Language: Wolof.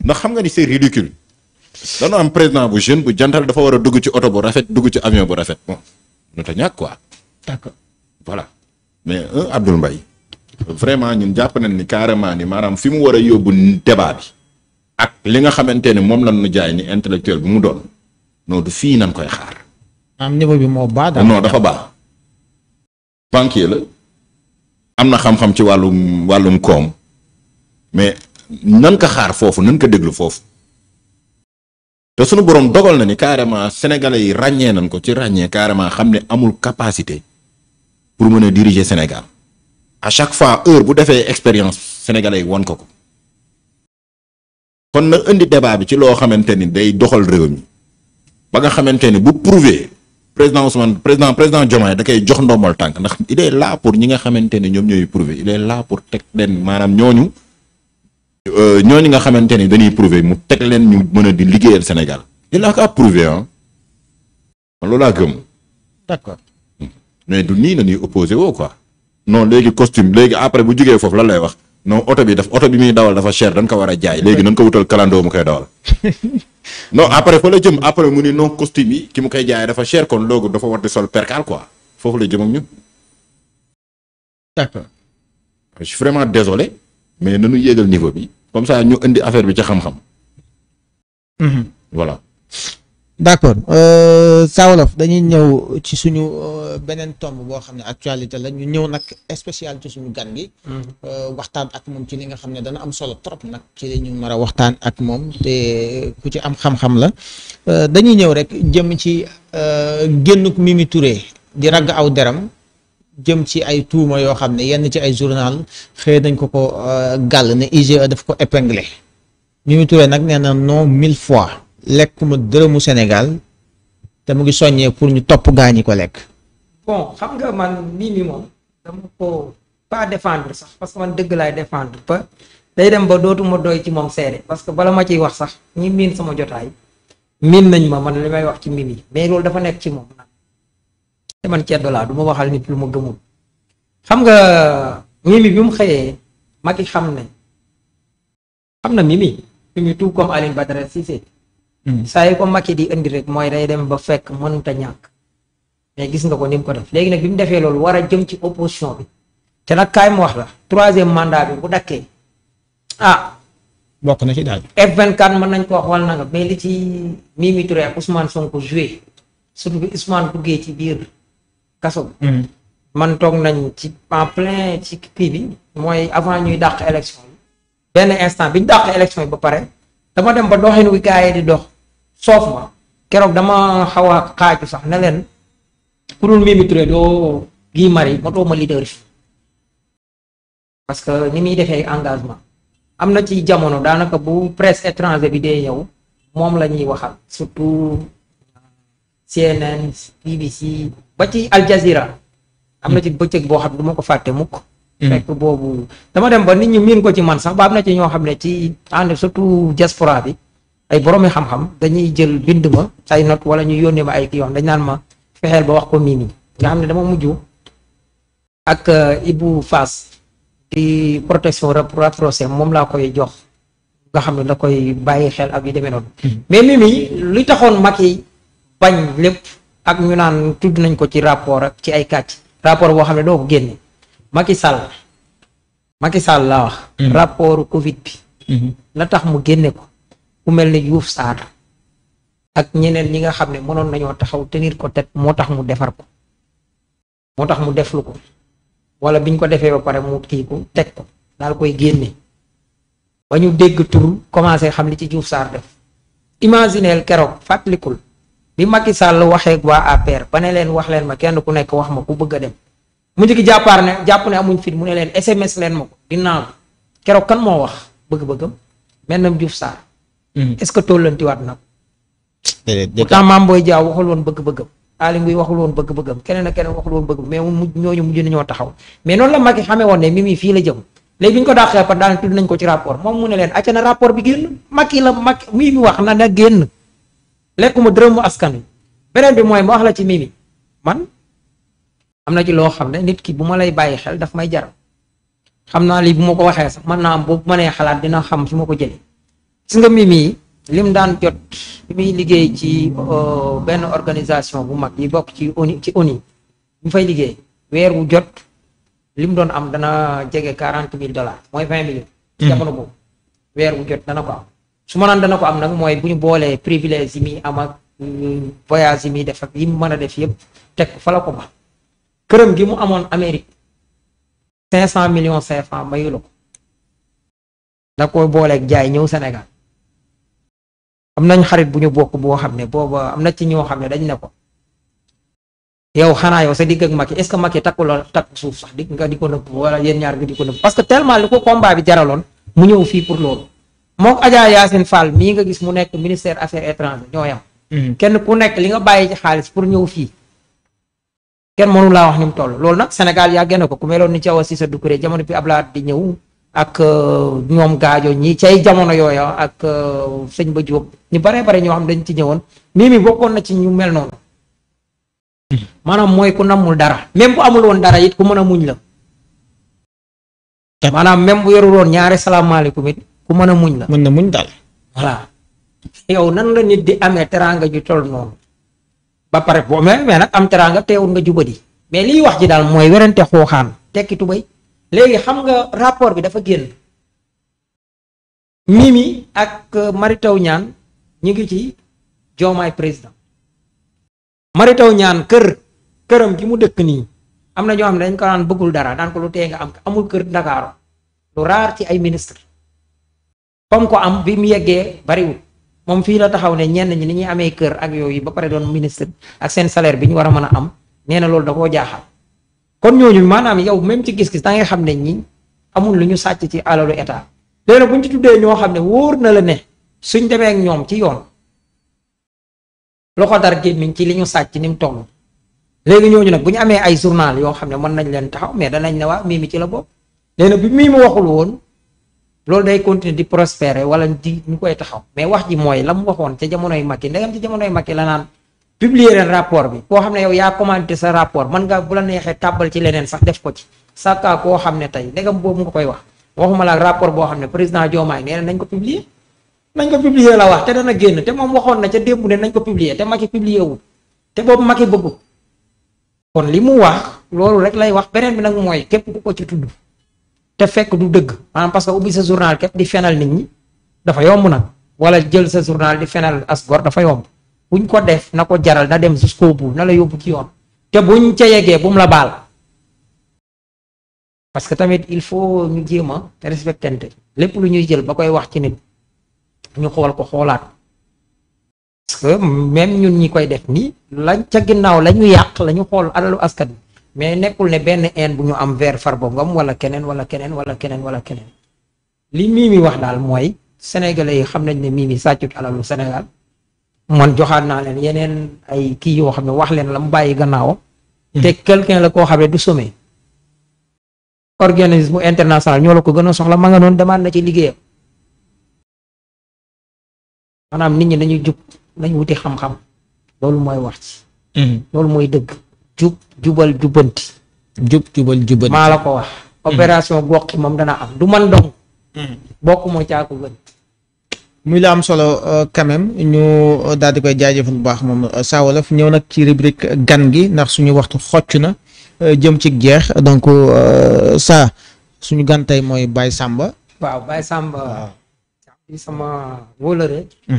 ndax xam nga ni c'est ridicule dana am président bu jeune bu jantal dafa war a dugg ci oto bu rafet dugg ci avion bu rafet bon nu ta ñàkk quoi d'accord voilà mais un euh, mbay vraiment ñun jàpp nañ ni carrément ni maanaam fi mu war a yóbbu débat bi ak li nga xamante ne moom lan nu jaay ni intellectuel bi mu doon non du fii nañ koy xaar am niveau bi moo baax daal non dafa baax banquier la am na xam-xam ci wàllum wàllum koom mais nan ko xaar foofu nan ko déglu foofu te sunu borom dogal na ni carrément sénégalais yi ràññee nañ ko ci ràññee carrément xam ne amul capacité pour mën a diriger Sénégal à chaque fois heure bu defee expérience sénégalais yi wan ko ko kon na indi débat bi ci loo xamante ni day doxal réew mi ba nga xamante ni bu prouver président Ousmane président président Diomaye da koy jox ndombal tànk ndax il est là pour ñi nga xamante ne ñoom ñooy prouver il est là pour teg leen maanaam ñooñu. Euh, ñooñu nga xamante ni dañuy prouver mu teg leen ñu mën a di liggéeyal Sénégal il n'a qu'à prouver ah man loolu laa gëm. d'accord hmm. du nii na ñuy opposé woo quoi non léegi costume léegi après bu jugee foofu la lay wax non oto bi daf oto bi muy dawal dafa cher dañ ko war a jaay léegi nañ ko wutal kalandoo mu koy dawal no après fa la jëm après mu ni non costume yi ki mu koy jaay dafa cher kon loogu dafa war di sol percal quoi foofu la jëm ak ñun. d'accord je mais nanu yéegal niveau bi comme ça ñu indi affaire bi ci xam-xam. Mhm. voilà. d'accord euh, Sawolof dañuy ñëw ci suñu euh, beneen tomb boo xam ne actualité la ñu ñëw nag spécial ci suñu gan gi. Mhm. Euh, waxtaan ak moom ci li nga xam ne dana am solo trop nag ci li ñu mën a waxtaan ak moom te ku ci am xam-xam la dañuy ñëw rek jëm ci génnuk Mimi turee di ragg aw deram. jëm ci ay tuuma yoo xam ne yenn ci ay journal xëy nañ ko ko euh, gàll ne IGE daf ko épinglé Mimi Touré nag nee na non mille fois lekk ma dërëmu Sénégal te mu ngi soññee pour ñu topp gaañi ko lekk. bon xam nga man Mimi moom dama ko pas défendre sax parce que man dëgg laay défendre pa day dem ba dootuma doy ci moom seede parce que bala ma ciy wax sax ñi miin sama jotaay miin nañ ma man li may wax ci yi mais loolu dafa nekk ci moom. te man ceddo laa du ma waxal nit lu ma gëmul xam nga mimi bi mu xëyee magi xam ne xam na mimi mimi tout comme Alioune Badara Cissé hmm. saa yi ko Macky di indi rek mooy day dem ba fekk mënuta ñàkk mais gis nga ko nim ko def léegi nag bi mu defee loolu war a jëm ci opposition bi te nag kaay mu wax la troisième mandat bi bu dakkee ah. bokk na ci daal. F24 mën nañ ko wax wala nanga mais li ci Mimi Touré ak Ousmane Sonko joué surtout bi Ousmane duggee ci biir. kaso bi mm. man toog nañ ci en plein ci kii bi mooy avant ñuy dàq élection benn instant bi ñu dàq élection ba pare dama dem ba doxin wi gars yi di dox soof ma keroog dama xaw a xaaju sax ne leen ku dul Mimi Touré doo Guy Marius ma doo ma leader fi parce que ni muy defee engagement am na ci jamono daanaka bu presse étranger bi dee ñëw moom la ñuy waxal surtout CNN BBC ba ci Al Jazeera. am na ci bëccëg boo xam ne du ko fàtte mukk hmm. fekk boobu dama dem ba nit ñu miin ko ci man sax ba am na ci ñoo xam ne ci ànd surtout diaspora bi ay boroomi xam-xam dañuy jël bind ma say not wala ñu yónnee ma ay kii wax dañ naan ma fexeel ba wax ko miin nii nga xam ne dama mujj ak uh, Ibou Fass di protection rapprochée moom laa koy jox nga xam ne da koy bàyyi xel ak yu demee noonu hmm. mais mimi li taxoon mag yi bañ lépp ak ñu naan tudd nañ ko ci rapport ak ci ay kàcc rapport boo xam ne doo ko génne Macky Sall Macky Sall laa wax mm-hmm. rapport Covid bi mm-hmm. la tax mu génne ko ku mel ni juuf Sarr ak ñeneen ñi nga xam ne mënoon nañoo taxaw tenir ko tête moo tax mu defar ko moo tax mu deflu ko wala biñ ko defee ba pare mu kii ko teg ko daal koy génne ba ñu dégg tur commencé xam li ci juuf Sarr def imagineel keroog fàttalikul bi Macky Sall waxee ak waa APR ba ne leen wax leen ma kenn ku nekk wax ma ku bëgg a dem mu njëkk jàppaar ne jàpp ne amuñ fit mu ne leen SMS leen ma ko ginnaaw keroog kan moo wax bëgg-bëggam mennam Diouf Sarr. Mm-hmm. est-ce na ko. déedéet pourtant maam Boy Diaw waxul woon bëgg-bëggam. Aly Ngouille waxul woon bëgg-bëggam keneen ak keneen waxul bëgg mais mu ñooñu mujj taxaw mais noonu la Macky xamee woon ne Mimi fii la jëm léegi bi ñu ko dàqee par daan tudd nañ ko ci rapport moom mu ne leen acca na rapport bi génn Macky la Macky mii mi wax na na génn lekkuma dërëm mu askan beneen bi mooy ma wax la ci mimi man am na ci loo xam ne nit ki bu ma lay bàyyi xel daf may jaral xam naa lii bu ma ko waxee sax man naa am boobu ma nee xalaat dina xam fi ma ko jëlee gis nga mimi lim daan jot bi liggéey ci euh, benn organisation bu mag yi bokk ci ONU ci mu fay liggéey weer wu jot lim doon am dana jege quarante mille dollars mooy vingt millions. Hmm. jamono boobu weer wu jot dana ko am. su ma naan dana ko am nag mooy bu ñu boolee privilège yi muy am ak mm, voyage yi muy def ak yi mu mën a def yëpp teg fa la ko ba këram gi mu amoon Amérique cinq cent millions CFA mayu la ko da koy booleeg jaay ñëw Sénégal am na xarit bu ñu bokk boo xam ne booba am na ci ñoo xam ne dañ ne ko yow xanaa yow sa digg ak Macky est-ce que Macky takku la takku suuf sax di nga di ko nëbb wala yéen ñaar nga di ko parce que tellement li ko combat bi jaraloon mu ñëw fii pour loolu moo Adja Yacine Fall mii nga gis mu nekk ministère affaires étrangères ñoo yam mm-hmm. kenn ku nekk li nga bàyyi ci xaalis pour ñëw fii kenn mënu laa wax ni mu toll loolu nag Sénégal yàggee na ko ku meloon ni Thiaw Cissé Doucouré jamono bi Abdoulaye di ñëw ak euh, ñoom gaajo ñi cay jamono yooya ak euh, sëñ Ba Diop ñu baree bare ñoo xam dañ ci ñëwoon mii mi bokkoon na ci ñu mel noonu mm-hmm. maanaam mooy ku namul dara même bu amul woon dara it ku mën a muñ la maanaam même bu yorul woon ñaari salaamaaleykum it ku mën a muñ la. mën na muñ daal. voilà yow nan la nit di amee teraanga ju toll noonu ba pare boo mais mais nag am teraanga teewul nga jubadi mais liy wax ji daal mooy werante xooxaan tekki tubay léegi xam nga rapport bi dafa génn. Mimi ak euh, maritaw ñaan Niane ñu ngi ci joomaay président maritaw ñaan kër këram gi mu dëkk nii am na ñoo xam ne dañ ko naan bëggul dara daan ko lu tee nga am amul kër Ndakaaru lu raar ci ay ministre comme ko am bi mu yeggee bariwul moom fii la taxaw ne ñenn ñi ni ñuy amee kër ak yooyu ba pare doon ministre ak seen salaire bi ñu war a mën a am nee na loolu da jaaxal kon ñooñu maanaam yow même ci gis-gis da ngay xam ne ñi amul lu ñu sàcc ci alalu état léegi buñ ci tuddee ñoo xam ne wóor na la ne suñ demeek ñoom ci yoon loxo dar gémmiñ ci li ñu sàcc ni mu toll léegi ñooñu nag bu ñu amee ay journal yoo xam ne mën nañ leen taxaw mais danañ ne waa mii mi ci la bopp woon loolu day continuer di prospérer wala di ñu koy taxaw mais wax ji mooy la mu waxoon ca jamonoy Macky ndegam ca jamonoy Macky la naan publier leen rapport bi koo xam ne yow yaa commandité sa rapport mën nga bu la neexee tàbbal ci leneen sax def ko ci sàkkaa koo xam ne tey ndegam boobu nga koy wax waxuma la rapport boo xam ne président Diomaye nee na nañ ko publier nañ ko publier la wax te dana génn te moom waxoon na ca démb ne nañ ko publier te Macky publier wu te boobu Macky bëggu kon li mu wax loolu rek lay wax beneen bi nag mooy képp ku ko ci tudd te fekk du dëgg maanaam parce que ubbi sa journal képp di fenal nit ñi dafa yomb nag wala jël sa journal di fenal as gor dafa yomb buñ ko def na ko jaral na dem jusqu'au bout na la yóbbu ci yoon te buñ ca yeggee bu mu la parce que tamit il faut ñu jéem a respectante lépp lu ñuy jël ba koy wax ci nit ñu xool ko xoolaat parce que ñun ñi koy def nii lañ ca ginnaaw la ñu yàq la ñu xool alalu askan mais nekkul ne benn haine bu ñu am vers Farba Ngom wala keneen wala keneen wala keneen wala keneen li Mimi wax daal mooy sénégalais yi xam nañ ne Mimi sàccut alalu Sénégal man joxaat naa yeneen ay kii yoo xam ne wax leen la mu bàyyi gannaawam. Hmm. te quelqu'un la koo xam ne du some sommet. organisme international ñoo la ko gën a soxla ma nga noonu demande na ci liggéeyam. manaam nit ñi dañuy jub nañ wuti xam-xam loolu mooy wax ci. Hmm. loolu mooy dëgg. jub jubal jubanti. jub jubal jubanti maa la ko wax. Hmm. opération gox moom dana am du man dong. Hmm. bokk moo caako gën. muy la am solo euh, quand ñu euh, daal koy jaajëfal bu baax moom euh, Saa Wolof ñëw nag ci rubrique gan gi ndax suñu waxtu xocc na jëm ci jeex donc saa suñu gan tey mooy Baye sàmba waaw Baye Samba. sama wóolare hmm.